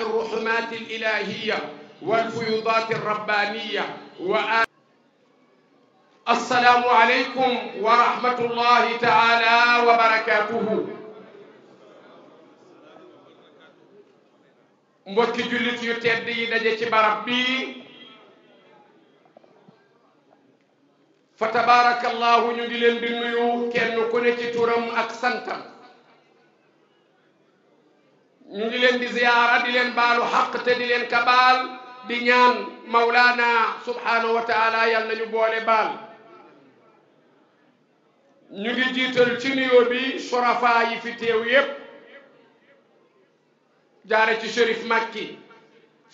الرحمات الإلهية والفيوضات الربانية وآل السلام عليكم ورحمة الله تعالى وبركاته mbokki jullit yu tedd yi daje ci barab bi fa tabarakallahu ñu ngi leen di nuyu kenn ku ne ci turam ak santam ñu ngi leen di ziyaara di leen baalu xaq te di leen kabaal di ñaan mawlaana subhanahu wa taala yal nañu boole baal ñu ngi jiital ci nuyoo bi surafa yi fi teew yépp jaare ci shérif makki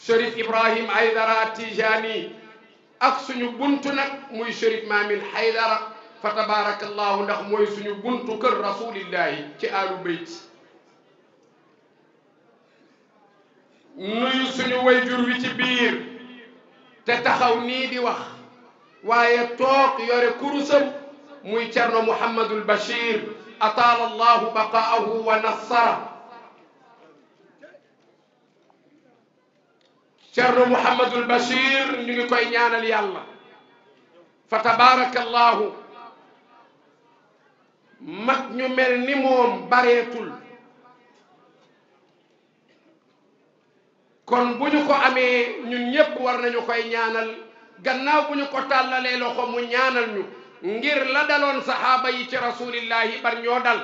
shérif ibrahim haydara tijani ak suñu buntu nag muy shérif maamin haydara fa tabarakallahu ndax mooy suñu buntu ci alu bayt nuyu suñu wayjur wi ci biir te taxaw nii di wax waaye toog yore kurusam muy Cerno Muhammadul Bachir ataala allahu baqaahu wa nassara Cerno Muhammadul Bachir ñu ngi koy ñaanal yàlla fa tabaarakallahu mag ñu mel ni moom bareetul kon bu ñu ko amee ñun ñépp war nañu koy ñaanal gannaaw bu ñu ko tàllalee loxo mu ñaanal ñu ngir la daloon sahaaba yi ci rasulillahi bar ñoo dal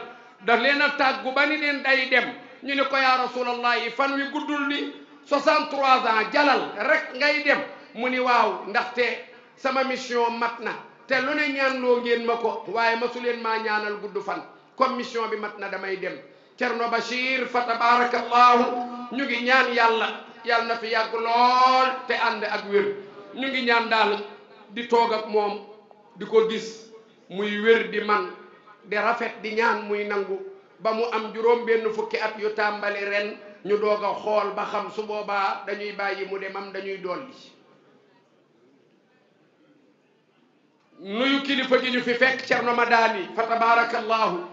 daf leen a tàggu ba ni leen day dem ñu ne ko yaa rasulallahi fan wi guddul ni 63 ans jalal rek ngay dem mu ni waaw ndaxte sama mission mat na te lu ne ñaanloo ngeen ma ko waaye masu leen maa ñaanal gudd fan comme mission bi mat na damay dem Cerno Bachir fa tabaarakallahu ñu ngi ñaan yàlla na fi yàgg lool te ànd ak wér ñu ngi ñaan daal di toog ak moom di ko gis muy wér di man di rafet di ñaan muy nangu ba mu am juróom benn fukki at yu tàmbali ren ñu doog a xool ba xam su boobaa dañuy bàyyi mu demam dañuy dolli nuyu kilifa gi ñu fi fekk Cerno Madani fa tabarakallahu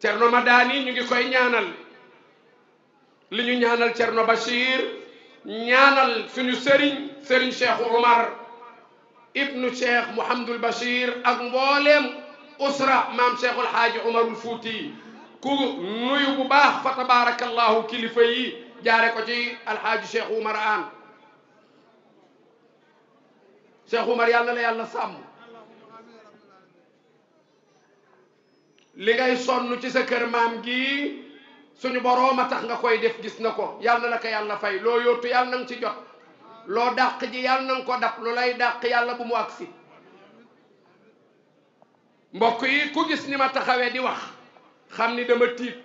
Cerno Madani ñu ngi koy ñaanal li ñu ñaanal Thierno Bachir ñaanal suñu sëriñ sëriñ Cheikh Omar ibnu Cheikh Mouhamadul Bachir ak mbooleem usra maam Cheikhul Haaji Omarul Fuuti ku nuyu bu baax fa tabaarakallahu kilifa yi jaare ko ci alhaaji Cheikh Omar aan Cheikh Omar yàlla la yàlla sàmm li ngay sonn ci sa kër maam gi suñu boroom a tax nga koy def gis na ko yàlla na yàlla fay loo yóotu yàlla na ci jot loo dàq ji yàlla ko dab lu lay dàq yàlla bu mu agsi mbokk yi ku gis ni ma taxawee di wax xam ni dama tiit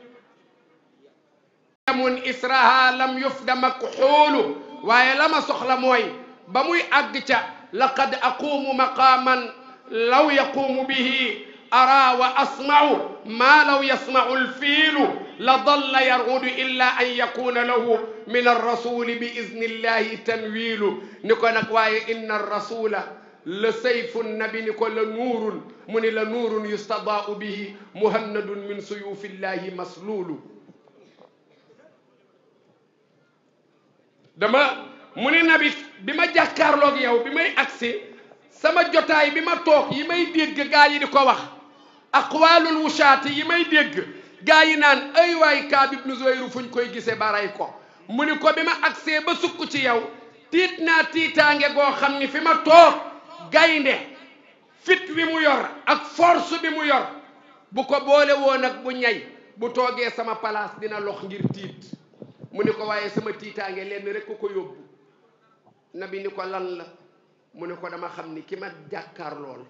mun israha lam yuf damak xoolu waaye la ma soxla mooy ba muy àgg ca laqad aqumu maqaaman law yaquumu bihi ara wa asmau maa law yasmau alfiilu la dalla yarudu illa an yakuna lahu min arrasuli bi iznillahi tanwilu ni ko nag waaye inna arrasula la sayfun nabi ni ko la nuurun mu ni la nuurun yustadaau bihi muhannadun min suyufillahi maslulu dama mu ni nabi bi ma jàkkaarloog yow bi may agsi sama jotaay bi ma toog yi may dégg gaa yi di ko wax aqwaalul wusaati yi may dégg gaa yi naan ay waay Kaab ibnu Zuhayr fuñ koy gisee baray ko mu ni ko bi ma agsee ba sukk ci yow tiit naa tiitaange goo xam ni fi ma toog gaynde fit wi mu yor ak force bi mu yor bu ko boole woon ak bu ñay bu toogee sama palaas dina lox ngir tiit mu ni ko waaye sama tiitaange lenn rek ku ko yóbbu nabi ni ko lan la mu ni ko dama xam ni ki ma jàkkaar lool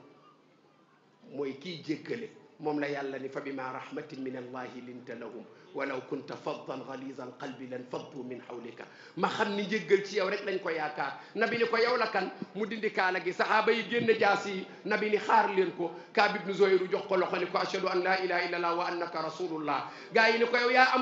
mooy kii jéggale moom la yàlla ni fa ma rahmatin min allahi linta lahum walaw kunta faddan ghalida al qalbi lan faddu min hawlika ma xam ni njëggal ci yow rek lañ ko yaakaar nabi ni ko yow la kan mu dindi kaala gi sahaaba yi génn jaasi yi nabi ni xaar leen ko kaab ibnu zoyru jox ko loxo ni ko ashhadu an la ilaha illa allah wa annaka rasulullah gaa yi ni ko yow yaa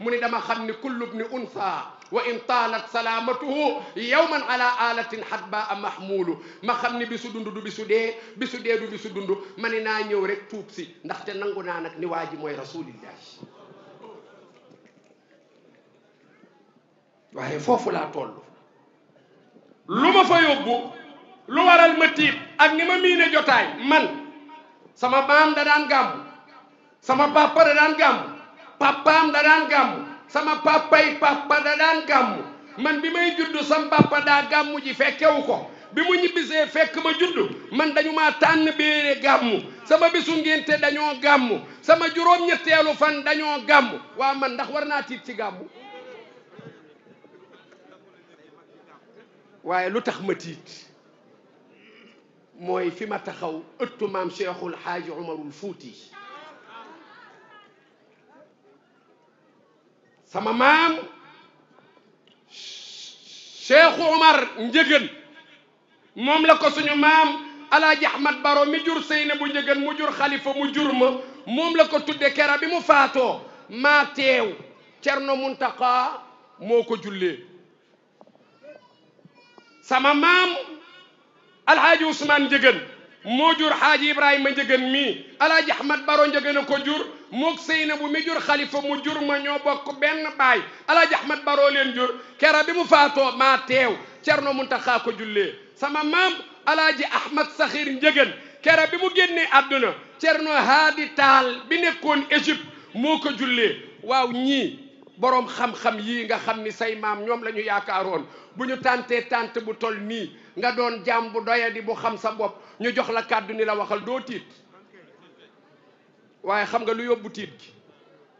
mu ni dama xam ni kullu bni unsa wa in taalat salaamatuhu yawman ala alatin hatbaa mahmulu ma xam ni bisu dund du bisu dee du bisu dund ma ni naa ñëw rek tuub si ndaxte nangu naa nag ni waa ji mooy rasulillahi waaye foofu laa toll lu ma fa yóbbu lu waral ma tiib ak ni ma miine jotaay man sama maam da daan sama papa da daan gàmbu papaam da sama papay papa da daan gàmmu man bi may judd sama papa daa gàmmu ji fekkewu ko bi mu ñibbisee fekk ma judd man dañu ma tànn béere gàmmu sama bisu ngénte dañoo gàmmu sama juróom-ñetteelu fan dañoo gàmmu waa man ndax war naa tiit ci gàmmu waaye lu tax ma tiit mooy fi ma taxaw ëttu maam Cheikhul Haaji Umarul Fuuti sama maam cheikhu omar njëgën moom la ko suñu maam alaaji ahmad baro mi jur seyna bu njëgën jur xalifa mu jur ma moom la ko tudde kera bi mu faatoo maa teew cerno muntaka moo ko jullee sama maam alhaaji ousmane njëgën moo jur haaji ibrahima njëgën mi alaaji ahmad baro njëgën ko jur mook mu mi jur xalifa mu jur ma ñoo bokk benn baay Alaaji Ahmad Baroo leen jur kera bi mu faatoo maa teew Cerno Muntaxa ko jullee sama maam Alaaji Ahmad Saxiir Njëgën kera bi mu génnee àdduna Cerno Haadi Taal bi nekkoon Égypte moo ko jullee waaw ñii borom xam-xam yii nga xam ni say maam ñoom la ñu yaakaaroon bu ñu tàntee tànt bu tol mii nga doon jaam bu doyadi bu xam sa bopp ñu jox la kàddu ni la waxal doo tiit waaye xam nga lu yóbbu tiit gi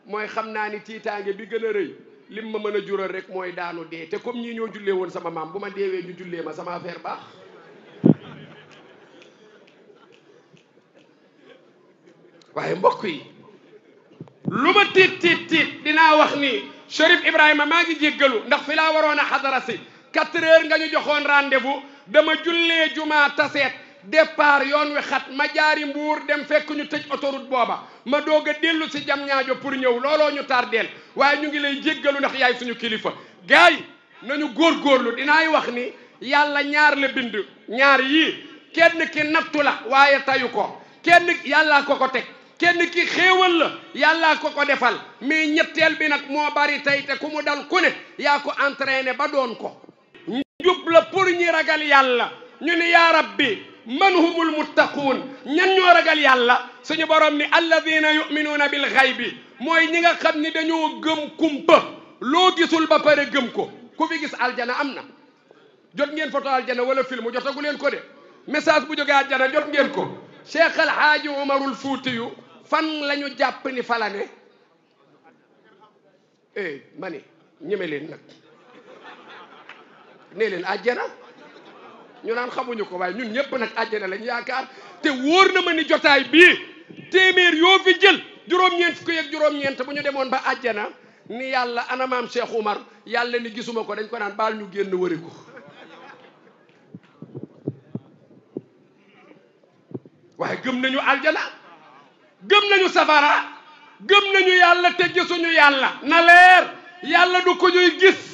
mooy xam naa ni tiitaange bi gën a rëy lim ma mën a jural rek mooy daanu dee te comme ñii ñoo jule woon sama maam bu ma deewee ñu jullee ma sama affaire baax waaye mbokk yi lu ma tiit tiit dinaa wax ni Cherif Ibrahima maa ngi jéggalu ndax fi laa waroon a xadara si quatre heures nga ñu joxoon rendez-vous dama jullee jumaa taseet départ yoon wi xat ma jaari mbuur dem fekk ñu tëj autoroute booba ma doog a dellu si jam ñaajo pour ñëw looloo ñu tardeel waaye ñu ngi lay jéggalu ndax yaay suñu kilifa gars yi góor góorlu dinaay wax ni yàlla ñaar la bind ñaar yii kenn ki nattu la waaye tayu ko kenn ki yàlla ko ko teg kenn ki xéewal la yàlla ko ko defal mais ñetteel bi nag moo bari tey te ku mu dal ku ne yaa ko entraîné ba doon ko njub la pour ñi ragal yàlla ñu ni yaa rabbi man humul muttaquun ñan ñoo ragal yàlla suñu borom ni alladina yuminuuna bil xaybi mooy ñi nga xam ni dañoo gëm kumpa loo gisul ba pare gëm ko ku fi gis aljana am na jot ngeen photo aljana wala film jotagu leen ko de message bu jógee aljana jot ngeen ko cheikh alhaaji umarul fuutiyu fan lañu jàpp ni falane eh ma ni ñeme leen nag nee leen aljana ñu naan xamuñu ko waaye ñun ñëpp nag àjjana lañ yaakaar te wóor na ma ni jotaay bii téeméer yoo fi jël juróom-ñeent fukki ak juróom-ñeent bu ñu demoon ba àjjana ni yàlla ana maam Cheikh yàlla ni gisuma ko dañ ko naan baal ñu génn wëri ko waaye gëm nañu aljana gëm nañu safara gëm nañu yàlla te gisuñu yàlla na leer yàlla du ko ñuy gis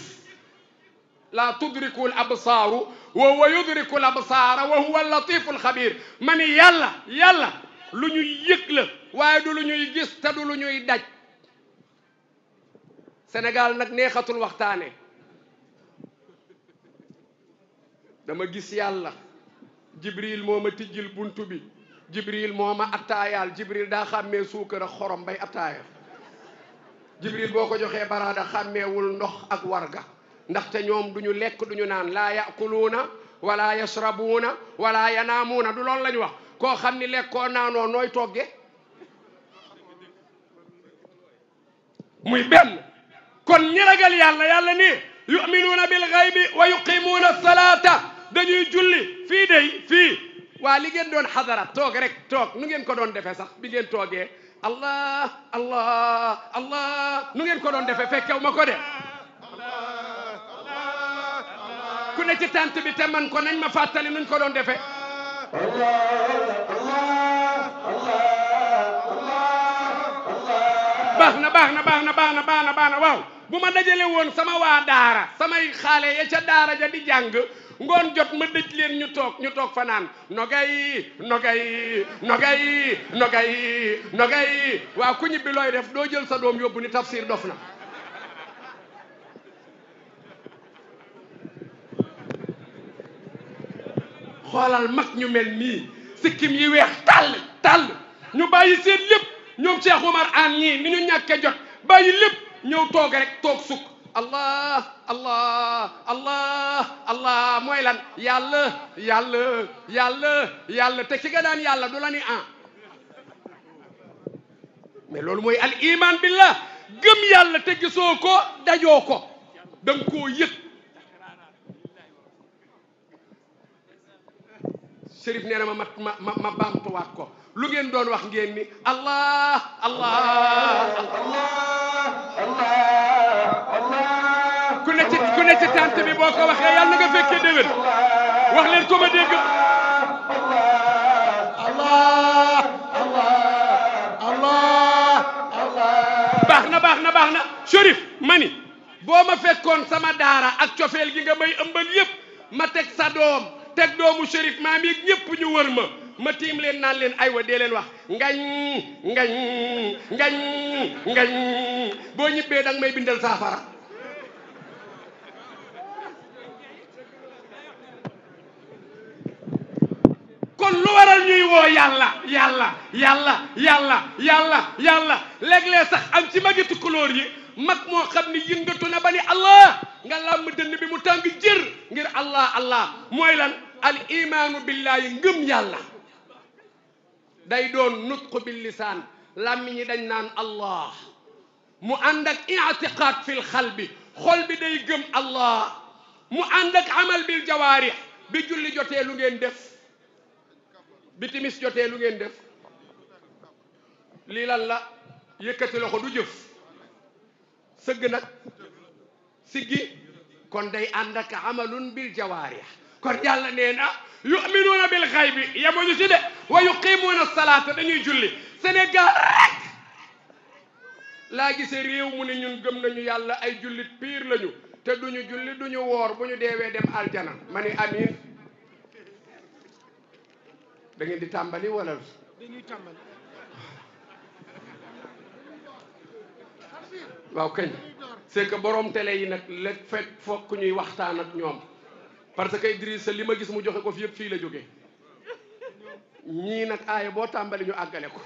laa tudriku l absaaru wa huwa yudriku absaara wa huwa latifu lxabir ma ni yàlla yàlla lu ñuy yëg la waaye du lu ñuy gis te du lu ñuy daj Sénégal nag neexatul waxtaane dama gis yàlla jibril moo ma tijjil buntu bi jibril moo ma attaayaal jibril daa xàmmee suukar ak xorom bay attaaya jibril boo ko joxee baraada xàmmeewul ndox ak warga ndaxte ñoom du ñu lekk du ñu naan laa yakuluuna wala yasrabuuna wala yanaamuuna du lool la ñu wax koo xam ni lekkoo naanoo nooy togge muy benn kon ñi ragal yàlla yàlla ni yuminuuna bil wa yuqimuuna salaata dañuy julli fii day fii waa li ngeen doon xadara toog rek toog nu ngeen ko doon defee sax bi ngeen toogee allah allah allah nu ngeen ko doon defee fekkew ma ko de ku ne ci tànt bi te man ko nañ ma fàttali nuñ ko doon defe baax na baax na baax na bu ma dajale woon sama waa daara samay xaale ya ca daara ja di jàng ngoon jot ma dëj leen ñu toog ñu toog fanaan nogay nogay nogay nogay nogay waaw ku ñibbi looy def doo jël sa doom yóbbu ni tafsir dof na xoolal mag ñu mel nii sikkim yi weex tàll tàll ñu bàyyi seen lépp ñoom Cheikh Oumar Anne ñii ni ñu ñàkke jot bàyyi lépp ñëw toog rek toog sukk allah allah allah allah mooy lan yàlla yàlla yàll yàlla te ki nga daan yàlla du la ni ah mais loolu mooy al iman billah gëm yàlla te gisoo ko dajoo ko da koo yëg Serif nee na ma ma ma ma lu ngeen doon wax ngeen ni allah allah allah ku ne ci ku ne ci tànt bi boo ko waxee yàlla nga fekkee déwén wax leen ko ma dégg allah allah baax na baax na baax na Serif mani boo ma fekkoon sama daara ak cofeel gi nga may ëmbal yépp ma teg sa doom teg doomu shérif maam yi ñëpp ñu wër ma ma leen naan leen aywa dee leen wax ngañ ngañ ngañ ngañ boo kon lu waral ñuy woo yàlla yàlla yàlla yàlla yàlla yàlla léeg sax am ci magi tukkulóor yi mag moo xam ni yëngatu na ba ni allah nga làmm dënn bi mu tàng jër ngir allah allah mooy lan al imaanu billaahi ngëm day doon nutqu bil lisaan làmmiñ yi dañ naan allah mu ànd ak i'tiqaad fil xalbi xol bi day gëm allah mu ànd ak amal bil jawaarix bi julli jotee lu def bi timis jotee lu ngeen def lii lan la yëkkati loxo du jëf sëgg nag siggi kon day ànd ak amalun bil jawaarix kon yàlla nee na yuminuuna bil xay bi yemuñu ci de wa yuqimuuna salaata dañuy julli Sénégal rek laa gisee réew mu ne ñun gëm nañu yàlla ay jullit piir lañu te duñu julli duñu woor bu ñu deewee dem aljana ma ni amiin da di tàmbali wala dañuy tàmbali waaw kañ c'est que borom télé yi nag la fekk fokk ñuy waxtaan ak ñoom parce que Idrissa li ma gis mu joxe ko fi yëpp fii la jóge ñii aaya boo tàmbali ñu àggale ko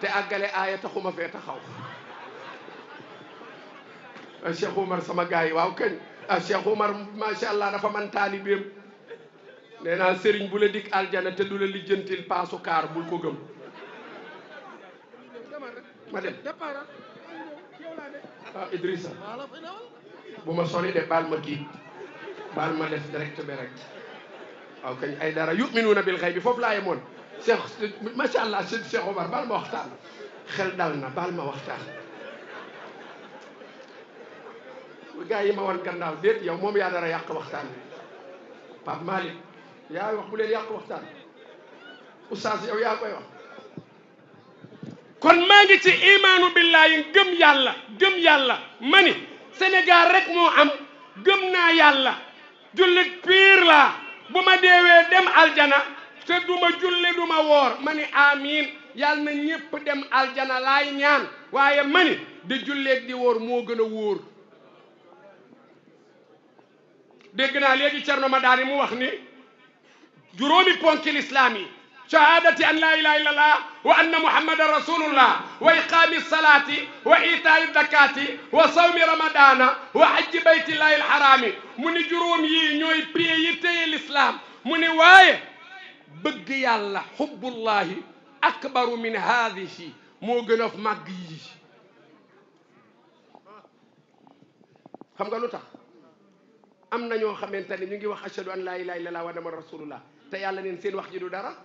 te àggale aaya taxuma fee taxaw ah, Cheikh Oumar sama gars yi waaw kañ ah Cheikh Oumar macha allah dafa mantaani taalibeem nee naa sëriñ bu la dikk aljana te du lijjantil paasu kaar bul ko gëm ma dem ah Idrissa bu ma soli de baal ma kii baal ma def direct bi rek waaw kañ ay dara yuminuuna bil xay bi foofu laa yemoon Cheikh macha allah Cheikh Omar baal ma waxtaan xel dal na baal ma waxtaan gars yi ma wan gannaaw déet yow moom yaa dara yàq waxtaan Pape Malick yaa wax bu leen yàq waxtaan oustaz yow yaa koy wax kon maa ngi ci imaanu billahi gëm yàlla gëm yàlla ma ni Sénégal rek moo am gëm naa yàlla jullit piir laa bu ma deewee dem aljana te du ma julli du ma woor ma amiin yàlla na ñépp dem aljana laay ñaan waaye ma ni di julleeg di woor moo gën a wóor dégg naa léegi Cerno Madani mu wax ni juróomi ponki lislaam yi shahadati an la ilaha illallah wa anna muhammadan rasulullah wa iqami salati wa itaai zakati wa sawmi ramadana wa hajji baytillahi alharami mu ni juróom yi ñooy prier yi téye l'islam mu ni waaye bëgg yàlla hubbullahi akbaru min haadihi moo gën a màgg yi xam nga lu tax am na ñoo xamante ne ñu ngi wax ashhadu an la ilaha illallah wa anna muhammadan rasulullah te yàlla neen seen wax ji du dara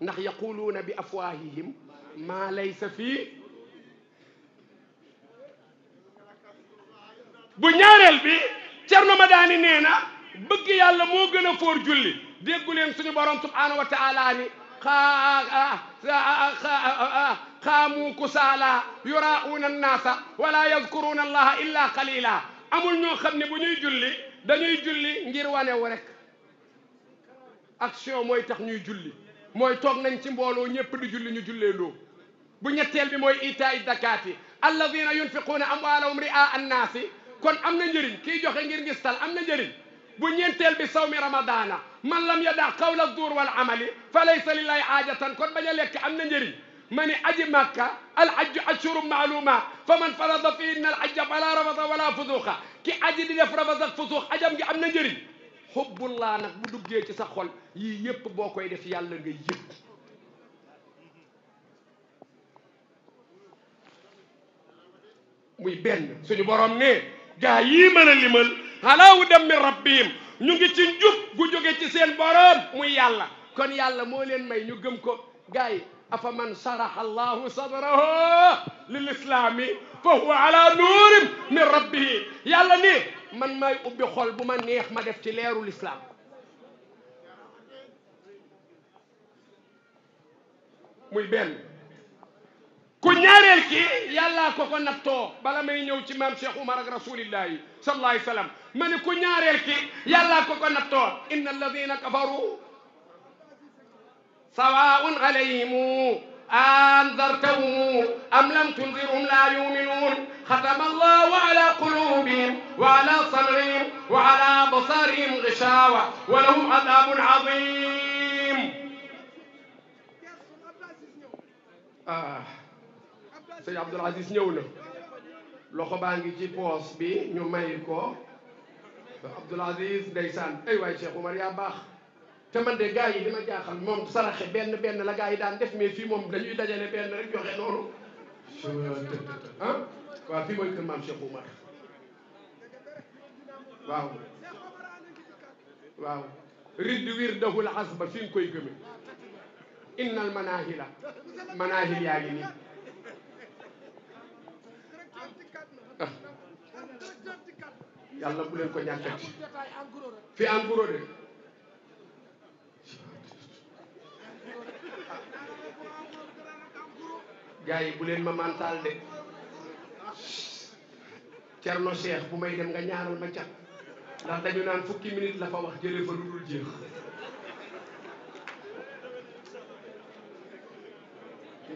ndax yaquluuna bi afwaahihim maa laysa fii bu ñaareel bi Cerno Madaani nee na bëgg yàlla moo gën a foor julli déggu leen suñu borom subhaanahu wa taala ni ah, xaamu kusaala yuraa'uuna annaasa wala yadkuruuna allaha illa qalila amul ñoo xam ne bu ñuy julli dañuy julli ngir wanewu rek action mooy tax ñuy julli mooy toog nañ ci mbooloo ñëpp di julli ñu julleendoo bu ñetteel bi mooy itaay dakaati alladina yunfiquuna amwaalahum a annaasi kon am na njëriñ kii joxe ngir ngis am na njëriñ bu ñeenteel bi sawmi ramadaana man lam yada qawla zuur wal amali fa laysa lillahi aajatan kon bañ a lekk am na njëriñ ma ni aji màkka alhajju ashurun maaluma fa man farada fihinna alhajja fala rafata wala fusuqa ki aji di def rafas ak fusuq ajam gi am na njëriñ xubbullaa nag bu duggee ci sa yi yii boo koy def yàlla nga yëg muy benn suñu borom ne gaa yii mën a limal alaawu dem mi rabbihim ci njub gu jóge ci seen borom muy yàlla kon yàlla moo leen may ñu gëm ko gaa yi afa man saraha allahu sadrahu lil fa huwa ala nuurin min rabbihi yàlla nii man maay ubbi xol bu ma neex ma def ci leeru lislaam muy benn ku ñaareel ki yàllaa ko ko nattoo bala may ñëw ci maam Cheikh Umar ak rasulillahi sallallahu alayhi wa sallam ma ne ku ñaareel ki yàllaa ko ko nattoo inna alladina kafaru sawaun alayhimu أنذرتهم أم لم تنذرهم لا يؤمنون ختم الله على قلوبهم وعلى سمعهم وعلى أبصارهم غشاوة ولهم عذاب عظيم ah sëñ Abdoul Aziz ñëw na loxo baa ngi ci poos bi ñu may ko Abdoul Aziz ndeysaan ay waay Cheikh Oumar yaa baax te man de gars yi li ma jaaxal moom saraxe benn benn la gars daan def mais fii moom dañuy dajale benn rek joxe noonu. ah waaw fii mooy kër maam Cheikh Oumar waaw waaw ridd wirdahul asba fi nga koy gëme innal manahila manahil yaa ngi nii ah. yàlla bu leen ko ñàkkati fi en de gars bu leen ma mantal de Cerno Cheikh bu may dem nga ñaanal ma cat ndax dañu naan fukki minute la fa wax jële fa lu dul jeex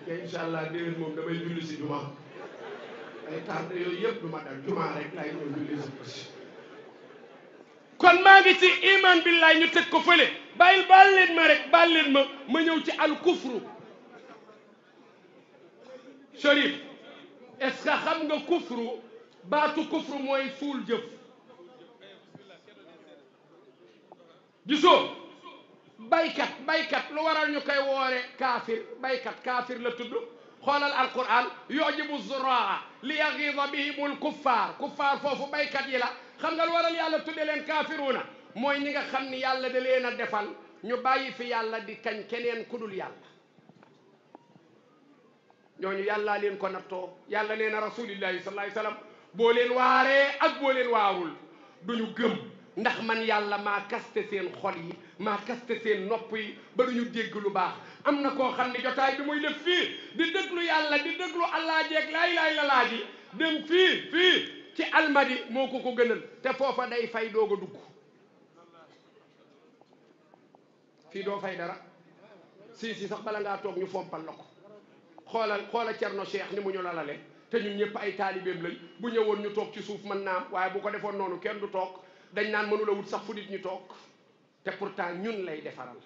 te incha allah déwén moom damay julli si juma ay tànn yooyu yëpp du ma dal juma rek laay ñëw julli si kon maa ngi ci iman billaay ñu teg ko fële bàyyil baal ma rek baal ma ma ñëw ci alkufru Cherif est-ce que xam nga kufru baatu kufru mooy suul jëf gisoo baykat baykat lu waral ñu koy woore kaafir baykat kaafir la tudd xoolal alquran yujibu zuraa li yagiida bihim alkuffaar kuffaar foofu baykat yi la xam nga lu waral yàlla tudde leen kaafiruuna mooy ñi nga xam ni yàlla da leen a defal ñu bàyyi fi yàlla di kañ keneen ku dul yàlla ñooñu yàllaa leen ko nattoo yàlla nee na rasulillahi sallallahu alayhi wasallam boo leen waaree ak boo leen waarul duñu gëm ndax man yàlla maa kaste seen xol yi maa kaste seen nopp yi ba ñu dégg lu baax am na koo xam ne jotaay bi muy def fii di déglu yàlla di déglu allah jeeg laay laay la laaji dem fii fii ci almadi moo ko ko gënal te foofa day fay doog a dugg fii doo fay dara si si sax bala ngaa toog ñu fompal la xoolal xoola Cerno Cheikh ni mu ñu lalale te ñun ñëpp ay taalibeem lañ bu ñëwoon ñu toog ci suuf mën naa am waaye bu ko defoon noonu kenn du toog dañ naan mënula wut sax fu nit ñu toog te pourtant ñun lay defaral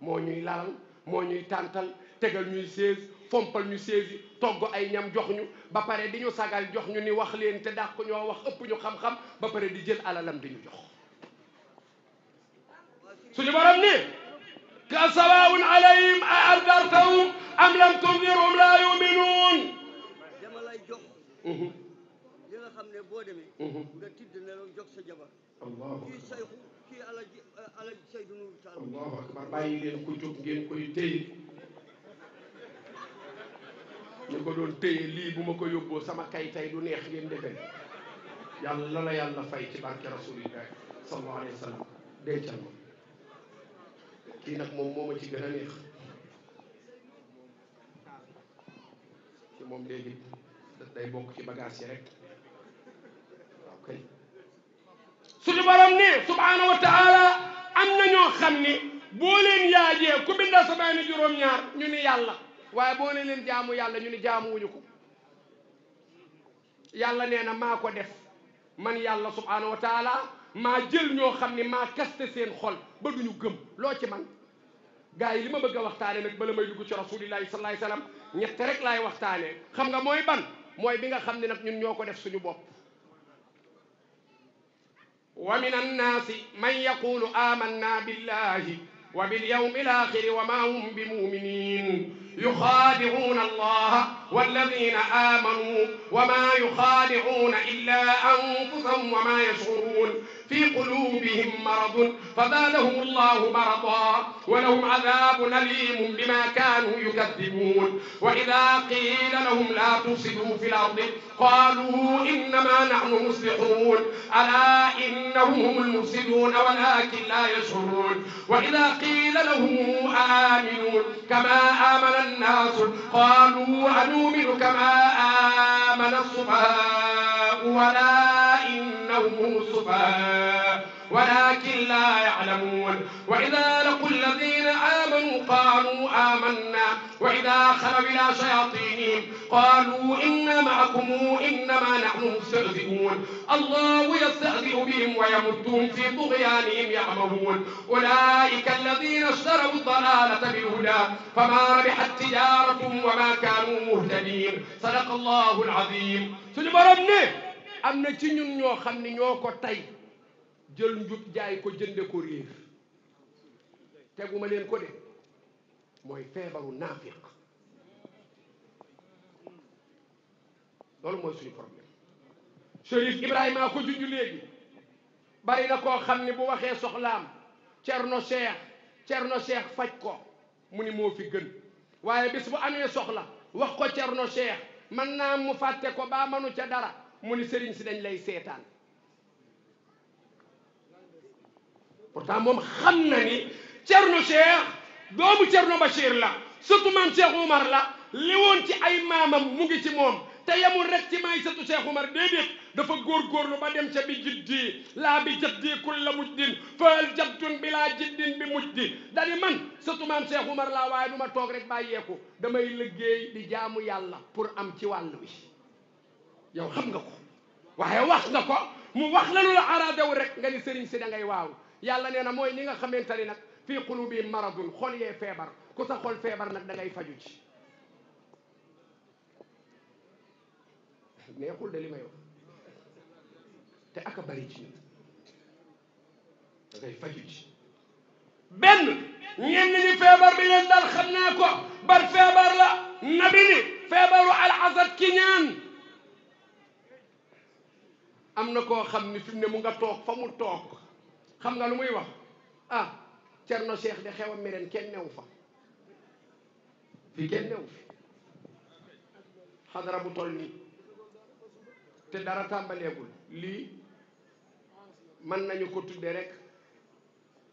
moo ñuy lalal moo ñuy tàntal tegal ñuy sées fompal ñu séesi togg ay ñam jox ñu ba pare di ñu sagal jox ñu ni wax leen te ko ñoo wax ëpp ñu xam-xam ba pare di jël alalam di ñu jox suñu borom ni ka sawaun alayhim a ardartahum am lam tundirhum laa yuminuun dama lay jox li nga xam ne boo demee mhm. nga tidd nelaw jox sa jabar kii sayxu allahu akbar bàyyi leen ko jóg ngeen koy téye ñu ko doon téye lii bu ma ko yóbboo sama kay tay du neex ngeen defee yàlla la yàlla fay ci barke rasulillahi sallallahu alayhi wa sallam dencal ma kii nag moom moo ma ci gën a neex moom léegi day bokk ci bagage yi rek waaw kay suñu wa taala am na ñoo xam ni boo leen ku binda samay ni juróom-ñaar ñu ni yàlla waaye boo leen jaamu yàlla ñu ni jaamuwuñu ko yàlla nee na maa ko def man yàlla subhaanahu wa taala maa jël ñoo xam ni maa kaste seen xol ba ñu gëm loo ci man gars yi li ma bëgg a waxtaane nag bala may dugg ci rasulillahi sallallahu alayhi ñett rek laay waxtaane xam nga mooy ban mooy bi nga xam ne nag ñun ñoo ko def suñu bopp wa min annaasi man yaqulu amanna billahi wa bilyawmi alaxiri wa ma hum bi muminin يخادعون الله والذين آمنوا وما يخادعون إلا أنفسهم وما يشعرون في قلوبهم مرض فزادهم الله مرضا ولهم عذاب أليم بما كانوا يكذبون وإذا قيل لهم لا تفسدوا في الأرض قالوا إنما نحن مصلحون ألا إنهم هم المفسدون ولكن لا يشعرون وإذا قيل لهم آمنوا كما آمن الناس قالوا أنؤمن كما آمن السفهاء ولا لهم السفهاء ولكن لا يعلمون وإذا لقوا الذين آمنوا قالوا آمنا وإذا خلوا إلى شياطينهم قالوا إنا معكم إنما نحن مستهزئون الله يستهزئ بهم ويمدهم في طغيانهم يعمهون أولئك الذين اشتروا الضلالة بالهدى فما ربحت تجارتهم وما كانوا مهتدين صدق الله العظيم سنبرمني am na ci ñun ñoo xam ni ñoo ko tey jël njub jaay ko jënde ko réer teguma leen ko de mooy feebaru naafiq loolu mooy suñu problème Chérif Ibrahima ko junj léegi bari na koo xam ni bu waxee soxlaam Cerno Cheikh Cerno Cheikh faj ko mu ni moo fi gën waaye bis bu amee soxla wax ko no Cheikh man naa mu fàtte ko baa manu ca dara mu ni sëriñ si dañ lay seetaan pourtant moom xam na ni Cerno Cheikh doomu Cerno Bachir la surtout maam Cheikh Oumar la li ci ay maamam mu ngi ci moom te yamul rek ci may sëtu Cheikh Oumar déedéet dafa góorgóorlu ba dem ca bi jiddi laa bi jaddi kulla mujdin faal jaddun bi laa jiddin bi mujdi dani man sëtu maam Cheikh Oumar laa waaye du ma toog rek bàyyeeku damay liggéey di jaamu yàlla pour am ci wàll wi yow xam nga ko waaye wax nga ko mu wax la lu la araadaw nga ni sëriñ si da ngay waaw yàlla nee na mooy ñi nga xamante ni nag fii qulubi maradun xol yee feebar ku sa xol feebar nag da ngay faju ci neexul de li may feebar bi leen dal xam naa ko bar feebar la nabi ni feebaru al asad ki ñaan am na koo xam ni fi ne mu nga toog fa mu toog xam nga lu muy wax ah Cerno Cheikh de xew a meren kenn newu fa fi kenn newu fi xadara bu toll nii te dara tàmbaleegul lii mën nañu ko tudde rek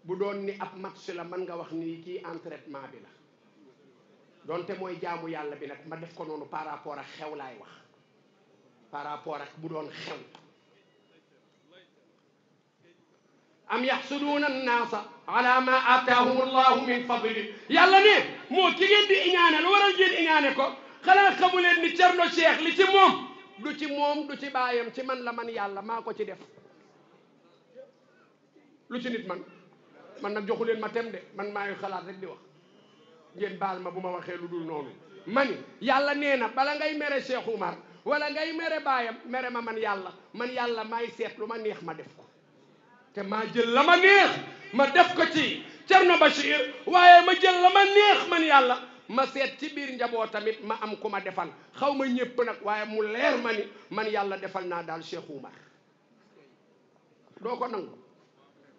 bu doon ni ab match la mën nga wax ni kii entraînement bi la donte mooy jaamu yàlla bi nag ma def ko noonu par rapport ak xew laay wax par rapport ak bu doon xew am yaxsuduuna annaasa ala ma aataahum allahu min fadli yàlla ne moo ki ngeen di iñaane lu waral ngeen iñaane ko xanaa xamu leen ni cerno cheikh li ci moom du ci moom du ci baayam ci man la man yàlla maa ko ci def lu ci nit man man nag joxu leen ma tem de man maayu xalaat rek di wax ngeen baal ma bu ma waxee lu dul noonu mani yàlla nee na bala ngay mere Cheikh Oumar wala ngay mere baayam mere ma man yàlla man yàlla maay seet lu ma neex ma def ko te maa jël la ma neex ma def ko ci Cerno Bachir waaye ma jël la ma neex man yàlla ma seet ci biir njaboot tamit ma am ku ma defal xaw ma ñëpp nag waaye mu leer ma ni man yàlla defal naa daal Cheikh Oumar doo ko nangu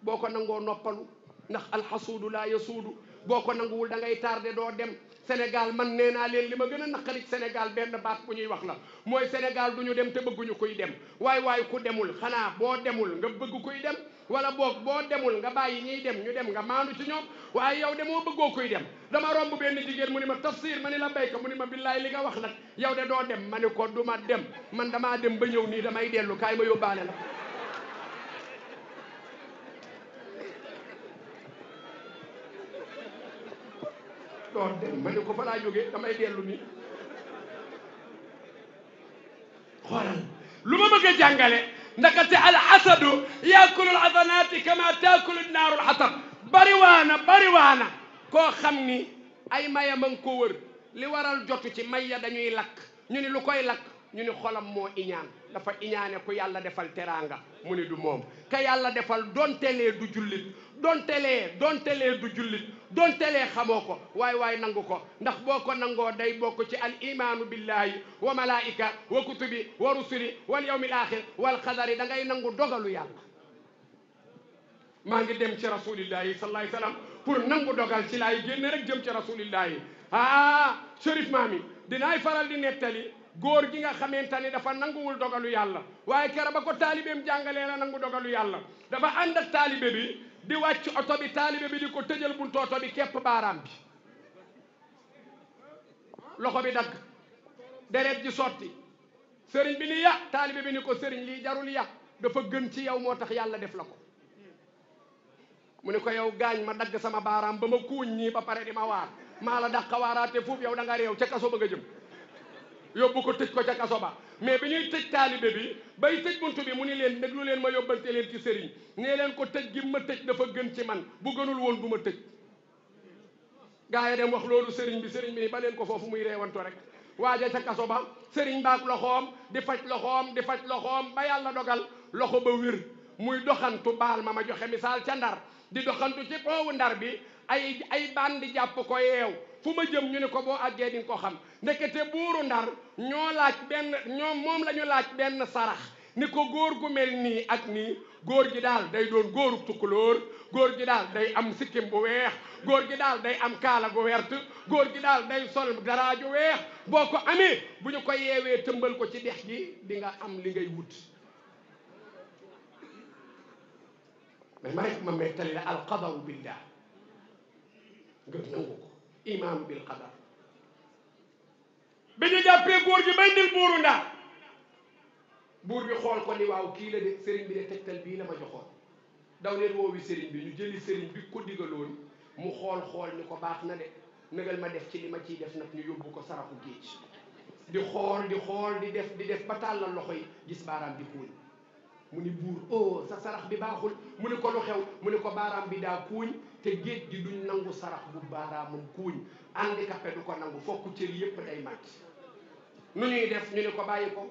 boo ko nangoo noppalu ndax alxasuudu laa yasuudu boo ko nanguwul da ngay tardé doo dem Sénégal man nee naa leen li ma gën a naqari Sénégal benn baat bu ñuy wax la mooy senegal du ñu dem te bëgguñu koy dem waay waay ku demul xanaa boo demul wala boog boo demul nga bàyyi ñiy dem ñu dem nga maandu ci ñoom waaye yow de moo bëggoo koy dem dama romb benn jigéen mu ni ma tafsir ma ni la béyka mu ni ma billaay li nga wax nag yow de doo dem ma ni ko du ma dem man damaa dem ba ñëw nii damay dellu kaay ma la ni ko fa lu ma bëgg a jàngale ndakate al hasadu yaakulu al hasanati kama taakulu naaru al hasad bari waana bari waana koo xam ni ay maya ma nga ko wër li waral jotu ci may ya dañuy lakk ñu ni lu koy lakk ñu ni xolam moo iñaan dafa iñaane ku yàlla defal teraanga mu ni du moom ka yàlla defal dontelee du jullit dontelee dontelee du jullit dontelee xamoo ko waay waay nangu ko ndax boo ko nangoo day ko ci al imaanu billahi wa malaika wa kutubi wa rusuli wal yawmil axir wal xadari da ngay nangu dogalu yàlla maa ngi dem ci rasulillahi sallallahu alayhi wasallam pour nangu dogal ci laay génn rek jëm ci rasulillahi ah Cherif Maami dinaay faral di nettali góor gi nga xamante ni dafa nanguwul dogalu yàlla waaye kera ba ko taalibeem jàngalee la nangu dogalu yàlla dafa ànd ak taalibe bi di wàcc oto bi taalibe bi di ko tëjal buntu oto bi képp baaraam bi loxo bi dagg deret ji sotti sëriñ bi ni ya taalibe bi ni ko sëriñ li jarul ya dafa gën ci yow moo tax yàlla def la ko mu ne ko yow gaañ ma dagg sama baaraam ba ma kuuñ ñii ba pare di ma waar maa la dàq waaraate foofu yow da nga ca kaso bëgg a jëm yóbbu ko tëj ko ca kaso ba mais bi ñuy tëj taalibe bi bay tëj buntu bi mu ni leen déglu leen ma yóbbal yóbbante leen ci sëriñ nee leen ko tëj gi ma tëj dafa gën ci man bu gënul woon bu ma tëj gaa yi dem wax loolu sëriñ bi sëriñ bi ni ba leen ko foofu muy reewanto rek waaja ca kaso ba sëriñ baak loxoom di faj loxoom di faj loxoom ba yàlla dogal loxo ba wér muy doxantu baal ma ma joxe misaal ca ndar di doxantu ci poowu ndar bi ay ay bandi jàpp ko yeew fu ma jëm ñu ne ko boo àggee di nga ko xam ndekete buuru ndar ñoo laaj benn ñoom moom lañu laaj benn sarax ni ko góor gu mel nii ak ni góor gi daal day doon góoru tukkulóor góor gi daal day am sikkim bu weex góor gi daal day am kaala gu wert góor gi daal day sol daraaju weex boo ko amee bu ñu ko yeewee tëmbal ko ci dex gi di nga am li ngay wut mais malik ma mettali la alqadaru billah nga nangu ko iman bil qadar bi ñu jàppee góor gi bay ndil buuru ndax buur bi xool ko ni waaw kii la de sëriñ bi de tegtal bii la ma joxoon daw leen woowi sëriñ bi ñu jëli sëriñ bi ko digaloon mu xool xool ni ko baax na de nagal ma def ci li ma ciy def nag ñu yóbbu ko saraxu géej di xool di xool di def di def ba tàllal loxo yi gis baaraam di puuñ mu ni buur oh sa sarax bi baaxul mu ni ko lu xew mu ni ko baaraam bi daa kuuñ te géej gi duñ nangu sarax bu baaraamam kuuñ handicapé du ko nangu fokk cër yépp day màcc nu ñuy def ñu ni ko bàyyi ko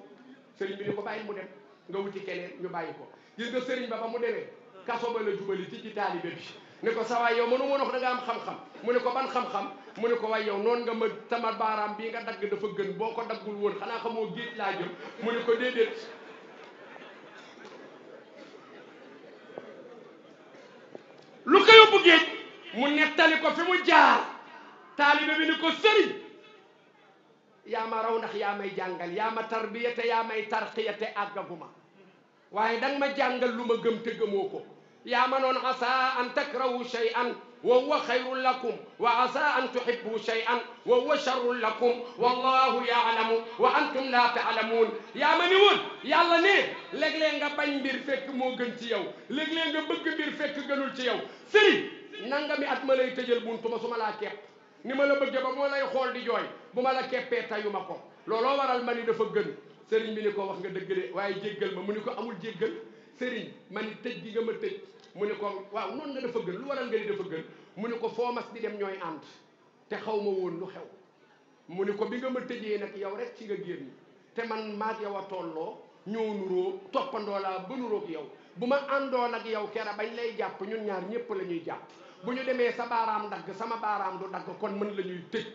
sëriñ bi ni ko bàyyi mu dem nga wuti keneen ñu bàyyi ko gis nga sëriñ ba ba mu demee kaso ba la jubali ci ci taalibe bi ni ko sawaay yow mënu mënox da nga am xam-xam mu ne ko ban xam-xam mu ne ko waay yow noonu nga ma sama baaraam bii nga dagg dafa gën boo ko daggul woon xanaa xamoo géej laa mu ne ko yóbbu géej mu nettali ko fi mu jaar taalibe bi ni yaa ma raw ndax yaa may jàngal yaa ma tarbiyate yaa may tarqiyate àggaguma waaye danga ma jàngal lu ma gëm te gëmoo ko yaa ma noon asa an takrahu shay'an wa huwa xayrun lakum wa asa an tuhibbu shay'an wa huwa sharrun lakum wallahu ya'lamu wa antum la ta'lamun yaa ma ni woon yàlla ne léeg-léeg nga bañ mbir fekk moo gën ci yow léeg-léeg nga bëgg mbir fekk gënul ci yow sëriñ nanga mi at ma lay tëjal buntu ma su ma laa kepp ni ma la bëgge ba moo lay xool di jooy bu ma la keppee tayu ma ko looloo waral ma ni dafa gën sëriñ bi ni ko wax nga dëgg de waaye jéggal ma mu ni ko amul jéggal sëriñ ma ni tëj gi nga ma tëj mu ne ko waaw noonu nga dafa gën lu waral nga ni dafa gën mu ne ko foo mas di dem ñooy ànd te xaw ma woon lu xew mu ni ko bi nga ma tëjee nag yow rek ci nga génn te man maag yow a tolloo ñëw nuroo toppandoo laa ba nuroog yow bu ma àndoon nag yow kera bañ lay jàpp ñun ñaar ñëpp la ñuy jàpp bu ñu demee sa baaraam dagg sama baaraam du dagg kon mën la ñuy tëj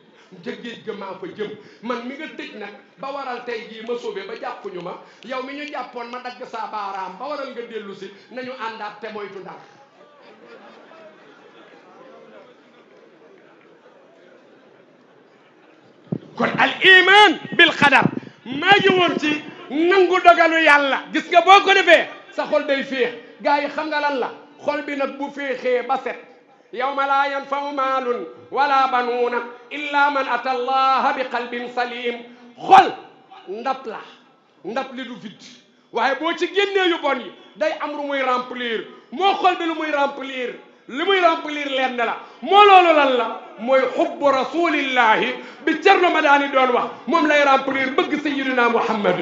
jëggeej ga fa jëm man mi nga tëj nag ba waral tey jii ma sóobe ba jàppuñu ma yow mi ñu jàppoon ma dagg sa baaraam ba waral nga dellusi nañu àndaat te moytu ndar kon al iman bil qadar maa ngi woon ci nangu dogalu yàlla gis nga boo ko defee sa xol féex gars yi xam nga lan la xol bi nag bu féexee ba set yawma laa yanfau maalun wala banuuna illa man ata allaha bi qalbin salim xol ndab la ndab li du vide waaye boo ci génnee yu bon yi day am lu muy remplir moo xol bi lu muy remplir li muy remplir leen ne la moo loolu lan la mooy xubbu rasulillahi bi Cerno Madaani doon wax moom lay remplir bëgg sayyidina Muhammad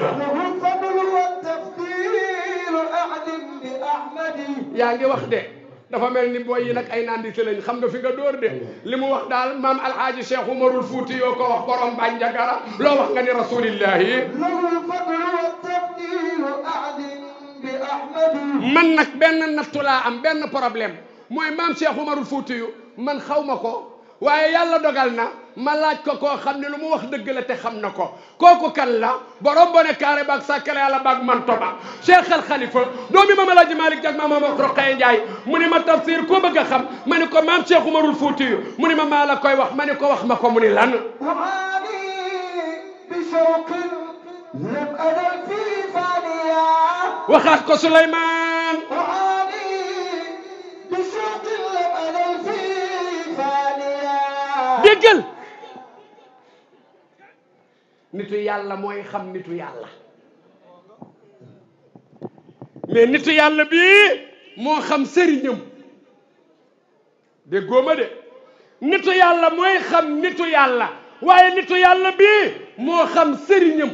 yaa ngi wax de dafa mel ni booy yi nag ay naan di lañ xam nga fi nga dóor de li mu wax daal maam alhaaji cheikh umarul fuuti yoo ko wax borom bànjagara loo wax nga ni rasulillahi man nag benn nattu laa am benn problème mooy maam cheikh umarul fuuti yu man xaw ma ko waaye yàlla dogal na ma laaj ko koo xam ne lu mu wax dëgg la te xam na ko kooku kan la borom bone kaare baag sàkkale yàlla baag manto ba cheikh al xalifa doomi maam alaaji malik jag maam maam roqee njaay mu ni ma tafsir koo bëgg a xam ma ni ko maam cheikh umarul fuuti yu mu ni ma maa la koy wax ma ni ko wax ma ko mu ni lan waxaat ko Souleymane déggal nitu yàlla mooy xam nitu yàlla mais nitu yàlla bii moo xam sëriñam déggoo de nitu yàlla mooy xam nitu yàlla waaye nitu yàlla bii moo xam sëriñam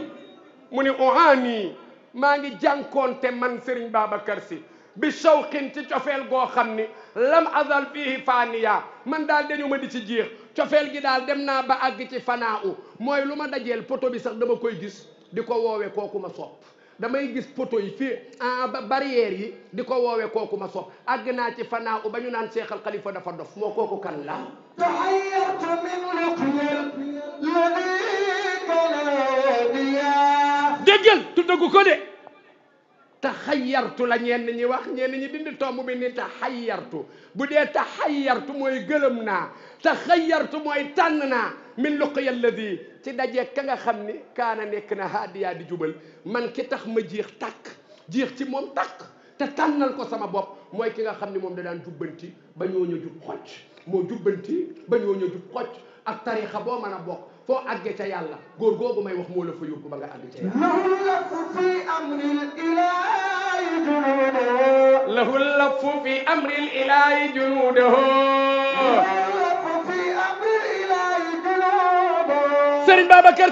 mu ni ohaani maa ngi jànkoonte man sëriñ Babacar Sy bi shawqin ci cofeel goo xam ni lam azal fiihi faaniya man daal dañu ma di ci jiix cofeel gi daal dem naa ba àgg ci fanaa u mooy lu ma dajeel poto bi sax dama koy gis di ko woowe koo kooku ma sopp damay gis poto yi fii ah, barrière yi di ko woowe kooku ma sopp àgg naa ci fanaa u ba ñu naan seexal xalifa dafa dof moo ku kan la tahayatu min luqyal déggal tuddagu ko de taxayartu la ñenn ñi wax ñenn ñi dindi tomb bi ni taxayartu bu dee taxayartu mooy gëlëm naa taxayartu mooy tànn naa min luqiya alladi ci daje ka nga xam ni kaana nekk na haadiyaa di jubal man ki tax ma jeex tàkk jeex ci moom tàkk te tànnal ko sama bopp mooy ki nga xam ni moom da daan jubbanti ba ñooñu jub xocc moo jubbanti ba ñooñu jub xocc ak tarixa boo mën a bokk foo àggee ca yàlla la fa yóbbu fi amril ilahi junuudahu lahul lafu fi amril ilahi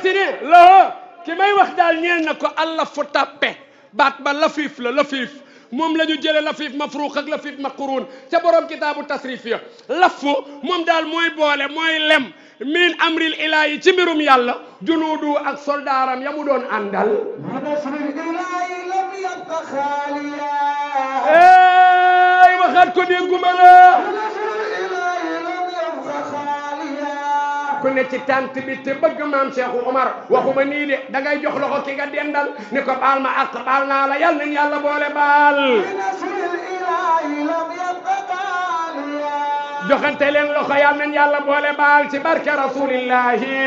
junuudahu ki may wax daal ñeen na allah fu tàppe baat ba la lafiif moom la ñu jële lafif mafruq ak lafif maqruun ca borom kitaabu tasrif ya lafu moom daal mooy boole mooy lem min amril ilaahi ci mbirum yàlla junuudu ak soldaaram ya mu doon àndal ey waxaat ko dégguma la ku ne ci tant bi te bëgg maam Cheikh Omar waxuma nii de da ngay jox loxo ki nga dendal ni ko baal ma ak baal naa yal nañ yàlla boole baal joxante leen loxo yal nañ yàlla boole baal ci barke rasulillahi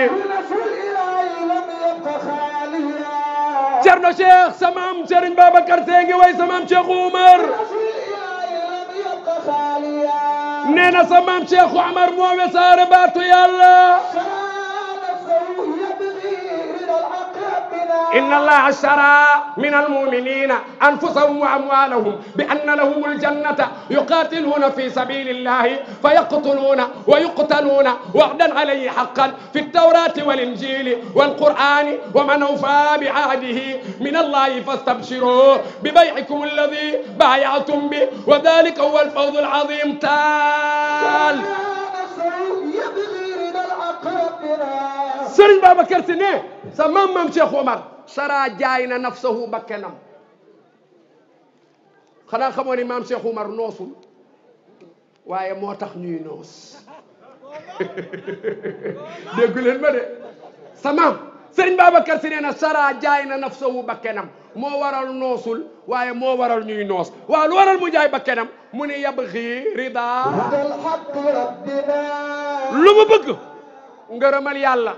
Cerno Cheikh way samaam Cheikh Omar nee na sa maam Cheikh Omar moo wesaare baatu yàlla إن الله اشترى من المؤمنين أنفسهم وأموالهم بأن لهم الجنة يقاتلون في سبيل الله فيقتلون ويقتلون وعدا عليه حقا في التوراة والإنجيل والقرآن ومن أوفى بعهده من الله فاستبشروا ببيعكم الذي بايعتم به وذلك هو الفوز العظيم تعال Serigne Babacar Sy ne sa maam maam Cheikh Omar sara jaay na nafsahu bakkenam xanaa xamoo ni maam Cheikh Omar noosul waaye moo tax ñuy noos déggu leen ma de sa maam Serigne Babacar Sy nee na sara jaay na nafsahu bakkenam moo waral noosul waaye moo waral ñuy noos waaw lu waral mu jaay bakkenam mu ne yabxi rida lu mu bëgg ngërëmal yàlla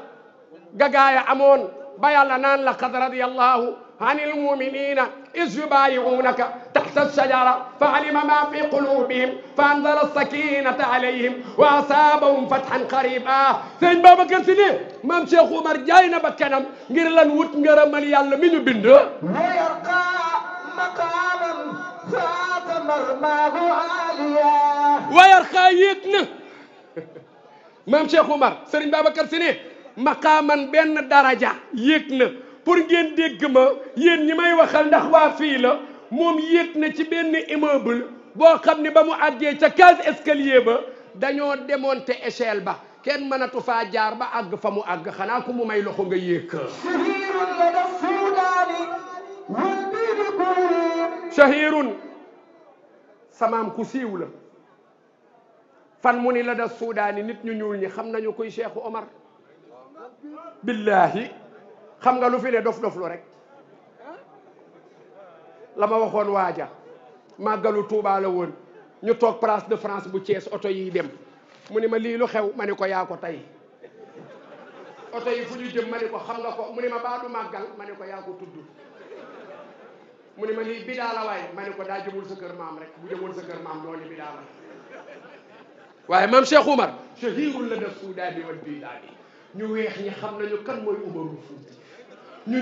gagaaya amoon ba yàlla naan la qad radiyallahu anil muminina iz yubayi'unaka tahta ash-shajara fa alima ma fi qulubihim fa anzala as-sakinata alayhim wa asabahum fathan qariba sëñ Babacar Si ne maam Cheikh Oumar jaay na ba kanam ngir lan wut ngërëmal yàlla mi ñu bind wa yarqa maqaman fata marmahu aliya wa yarqa yéeg na maam Cheikh Oumar sëriñ Babacar Si ne maqaaman benn daraja yéeg na pour ngeen dégg ma yéen ñi may waxal ndax waa fii la moom yéeg na ci benn immeuble boo xam ne ba mu àggee ca case escalier ba dañoo démonté échelle ba kenn mënatu fa jaar ba àgg fa mu àgg xanaa ku mu may loxo nga yéeg shahirun samaam ku siiw la fan mu ni la da suudaani nit ñu ñuul ñi xam nañu koy Cheikh Omar billaahi xam nga lu fi ne dof dof lu rek lama waxoon waaja màggalu Tuubaa woon ñu toog place de France bu Thiès oto yi dem mu ne ma lii lu xew ma ne ko yaako ko tey oto yi fu ñu jëm ma ne ko xam nga ko mu ne ma baadu màggal ma ne ko yaa ko mu ne ma lii bidaa la waaye ma ne ko daa jëmul sa kër maam rek bu jëmul sa kër maam loolu bidaa waaye maam Cheikh Oumar chahirul la def suudaani wal bidaani ñu weex ñi xam nañu kan ñu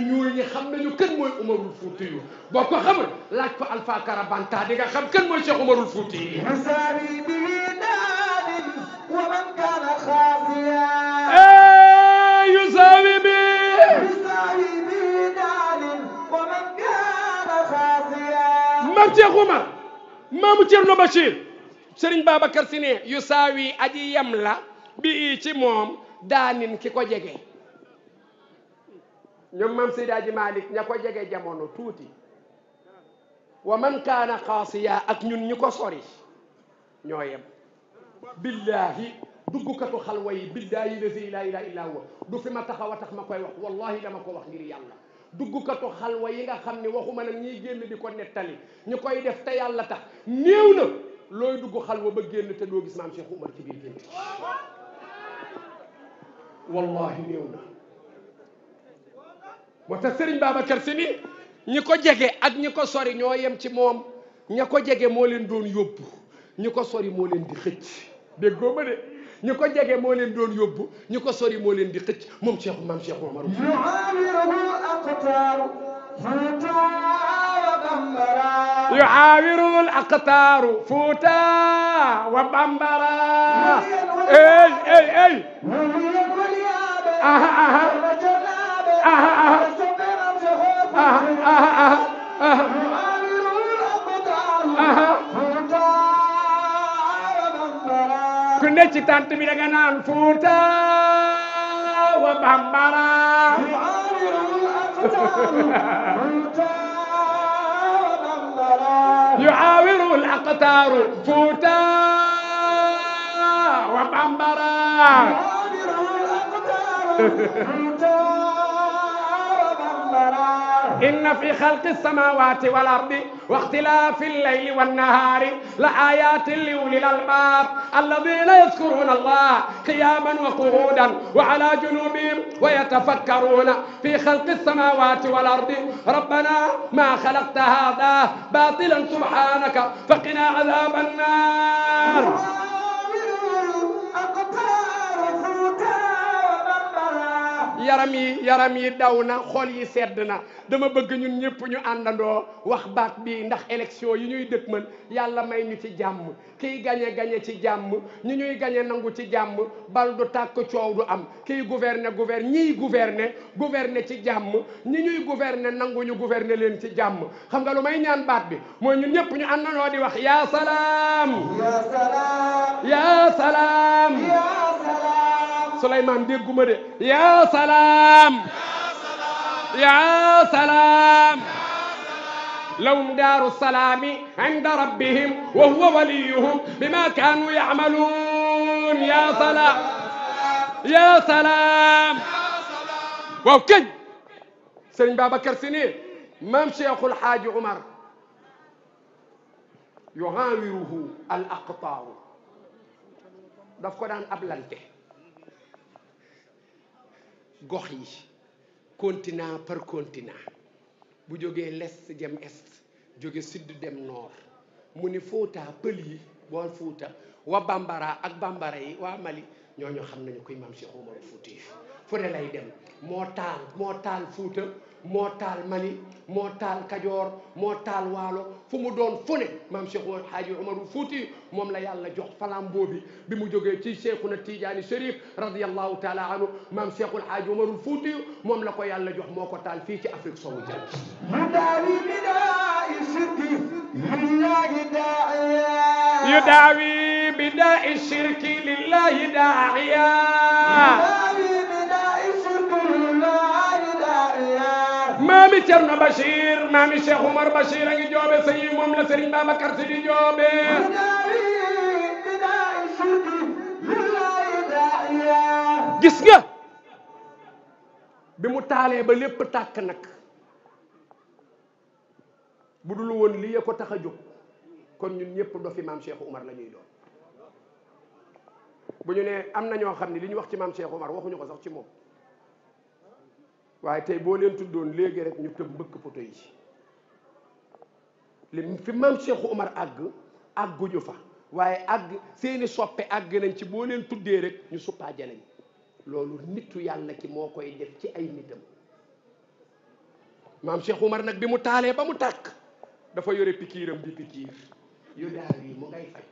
ñuul xam nañu kan mooy umarul fuuti yu boo ko xamul laaj ko Alpha Karabanta di nga xam kan mooy Cheikh umarul fuuti yi masari bi daadin wa man kaana xaafiya yusawi bi yusawi bi daadin wa man kaana xaafiya maam Cheikh aji yem la bi ci moom daanin ki ko jege ñoom mam Seydaaji Malick ña ko jege jamono tuuti wa man kaana xaasiya ak ñun ñi ko sori ñoo yem billahi duggukatu xalwa yi billahi lazi la ilaha illa huwa du fi ma taxaw a tax ma koy wax wallahi dama ko wax ngir yàlla duggukatu xalwa yi nga xam ne waxuma nag ñiy génn di ko nettali ñu koy def te yàlla tax néew na looy dugg xalwa ba génn te doo gis maam Cheikh Oumar ci biir génn wallahi néew na moo tax Serigne Babacar Sy ni ñi ko jege ak ñi ko sori ñoo yem ci moom ña ko jege moo leen doon yóbbu ñi ko sori moo leen di xëcc déggoo ma de ñi ko jege moo leen doon yóbbu ñi ko sori moo leen di xëcc moom Cheikh maam Cheikh Omar yuxaawiru l aqtaaru fuuta wa bambara ey ey ey ku ne ci tant bi daga naan Fuuta wa Bambara yu'aawiru al-aqtaaru Fuuta wa Bambara إن في خلق السماوات والأرض واختلاف الليل والنهار لآيات لأولي الألباب الذين يذكرون الله قياما وقعودا وعلى جنوبهم ويتفكرون في خلق السماوات والأرض ربنا ما خلقت هذا باطلا سبحانك فقنا عذاب النار yaram yi yaram yi daw na xol yi sedd na dama bëgg ñun ñëpp ñu àndandoo wax baat bi ndax élection yi ñuy dëkkmal yàlla may ñu ci jàmm kiy gañe gañe ci jàmm ñu ñuy gañe nangu ci jàmm bal du tàkk coow du am kiy gouverner gouverner ñiy gouverne gouverne ci jàmm ñi ñuy gouverne nangu ñu gouverner leen ci jàmm xam nga lu may ñaan baat bi mooy ñun ñëpp ñu àndandoo di wax ya salaam yaa salaam yaa salaam Souleymane dégguma de yaa salaam yaa salaam lahum daaru salaami inda rabbihim wa huwa waliyuhum bima kaanu yacmaluun yaa salaam yaa salaam waaw këj sëriñ Babacar Si ni maam Cheikhul Xaaji Umar yuhaawiruhu al aqtaaru daf ko daan ablante gox yi continent par continent bu jógee les jem est jóge sidd dem nord mu ni Fouta pël yi bool Fouta wa bambara ak bambara yi waa Mali ñooñu xam nañu kuy maam Cheikh Oumar Fouti fu ne lay dem moo taal moo taal Fouta moo taal Mali moo taal Kajoor moo taal Waalo fu mu doon fune maam Cheikh Oumar Haaji Omarul Fuuti moom la yàlla jox flambeau bi bi mu jógee ci Cheikhuna Tijaani Chérif radiyallahu taala anhu maam Cheikhul Haaji Omarul Fuuti moom la ko yàlla jox moo ko taal fii ci Afrique sowu jant madawi bidai sirki lillahi daa'iya yudawi bidai sirki lillahi daa'iya Cerno Bachir maami Cheikh Oumar Bachir a ngi joobe sëy moom la Serigne Babacar Sy di joobe gis nga bi mu taalee ba lépp tàkk nag bu dul woon lii ya ko tax a jóg kon ñu ñëpp dofi maam Cheikh Oumar la ñuy doon bu ñu nee am na ñoo xam ne li ñu wax ci maam Cheikh Oumar waxuñu ko sax ci moom waaye tey boo leen tuddoon léegi rek ñu tëb mbëkk poto yi li fi maam Cheikhu Umar àgg àgguñu fa waaye àgg seeni soppe agg nañ ci boo leen tuddee rek ñu suppaaja lañ loolu nitu yàlla ki moo koy def ci ay nitam maam Cheikh Umar nag bi mu taalee ba mu takk dafa yore pikiiram di pikiir yu daal yi mu ngay faj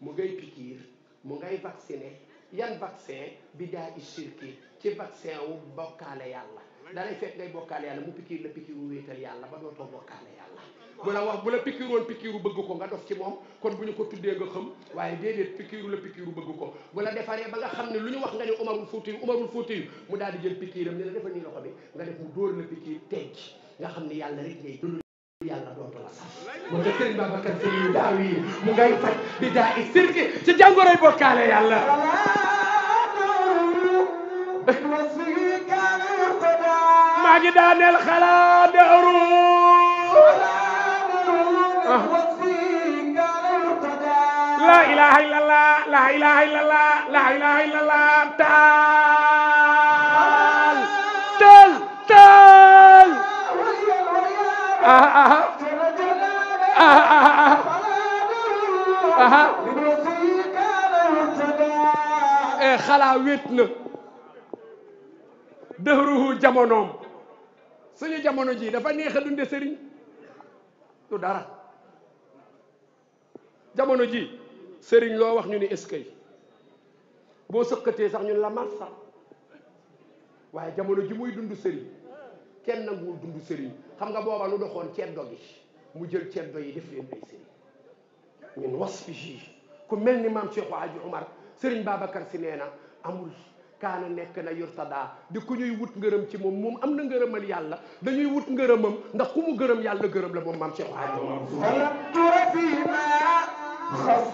mu ngay pikiir mu ngay vacciné yan vaccin bi daa i shirki ci vaccin wu bokkaale yàlla dalay fekk ngay bokkaale yàlla mu pikiir la pikiiru wéetal yàlla ba dootoo bokkaale yàlla bu la wax bu la pikiiroon pikiiru bëgg ko nga dof ci moom kon bu ñu ko tuddee nga xam waaye déedéet pikiiru la pikiiru bëgg ko bu la defaree ba nga xam ne lu ñu wax nga ne umarul fuuti umarul fuuti mu daal di jël pikiiram ne la defal nii loxo bi nga def mu dóor la pikiir tejj nga xam ne yàlla rek ngay dund yàlla dootu la sax mu ngay faj di daa i sirki ci yaa ngi daaneel xalaa daru la ilaha illallah la ilaha illallah la ilaha illallah taal taal taal xalaa wéet na dëruhu jamonoom suñu jamono ji dafa neex a dunde sëriñ du dara jamono ji sëriñ loo wax ñu ni eskay boo sëqatee sax ñun la marsa waaye jamono ji muy dund sëriñ kenn nanguwul dund sëriñ xam nga booba lu doxoon ceddo gi mu jël ceeb yi def leen ay sëriñ min wasfihi ku mel ni maam Cheikh Hadji Omar sëriñ Babacar si nee na amul kaana nekk na yurtadaa di ku ñuy wut gërëm ci moom moom am na ngërëmal yàlla dañuy wut ngërëmam ndax ku mu gërëm yàlla gërëm la moom maam Cheikh Hadj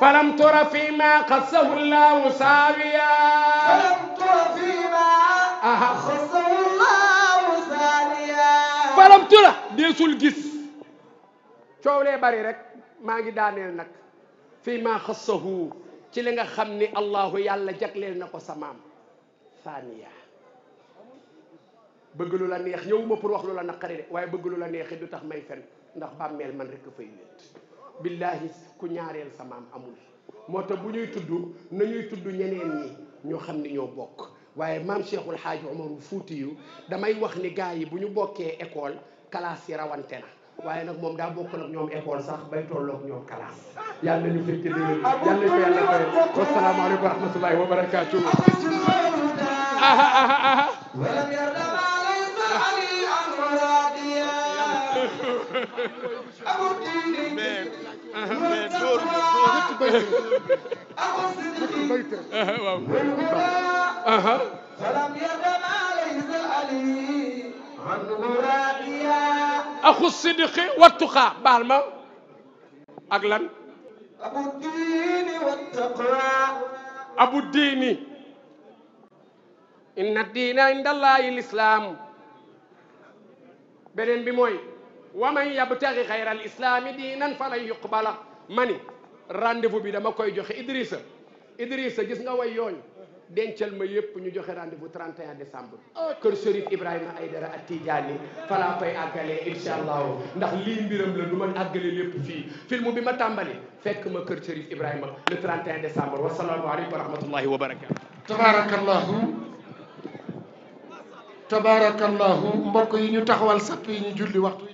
falam tura fi ma xasahu llahu saawiya falam tura deesul gis coow lee bari rek maa ngi daaneel nag fi ma xasahu ci li nga xam ni allahu yàlla jagleel na ko sa maam Saniya bëgg lu la neex ñëwuma pour wax lu la naqari de waaye bëgg lu la neexi du tax may fen ndax bàmmeel man rek fay wéet billahi ku ñaareel sa amul moo tax bu ñuy tudd nañuy tudd ñeneen ñi ñoo xam ni ñoo bokk waaye maam Cheikhul Hadji Omar Fuuti yu damay wax ni gaa yi bu ñu bokkee école classe yi rawante na waaye nag moom daa bokkul ak ñoom école sax bay tolloog ñoom kalaas yàlla nañu fekk déwén yàlla nañu ko yàlla fayal wasalaamaaleykum wa rahmatulahi wa barakaatu. ولم يرد ما ليس الألي عنه راضيا axu siddiqi wattuqaa baal ma ak lan abu diini wattaqaa abu diini inna diina indallaahi lislaam beneen bi mooy wa man yabtaxi xayra al islaami diinan falan yuqbala mani rendez-vous bi dama koy joxe Idrissa Idrissa gis nga way yooyu dencal ma yépp ñu joxe rendez-vous 31 décembre kër Chérif Ibrahima Aïdara ak Tidiane fa laa fay àggalee incha allahu ndax li mbiram la du ma àggale lépp fii film bi ma tàmbali fekk ma kër Chérif Ibrahima le 31 décembre wasalaamu aleykum wa rahmatullahi wa barakatu tabaarakallahu tabaarakallahu mbokk yi ñu taxawal sapp yi ñu julli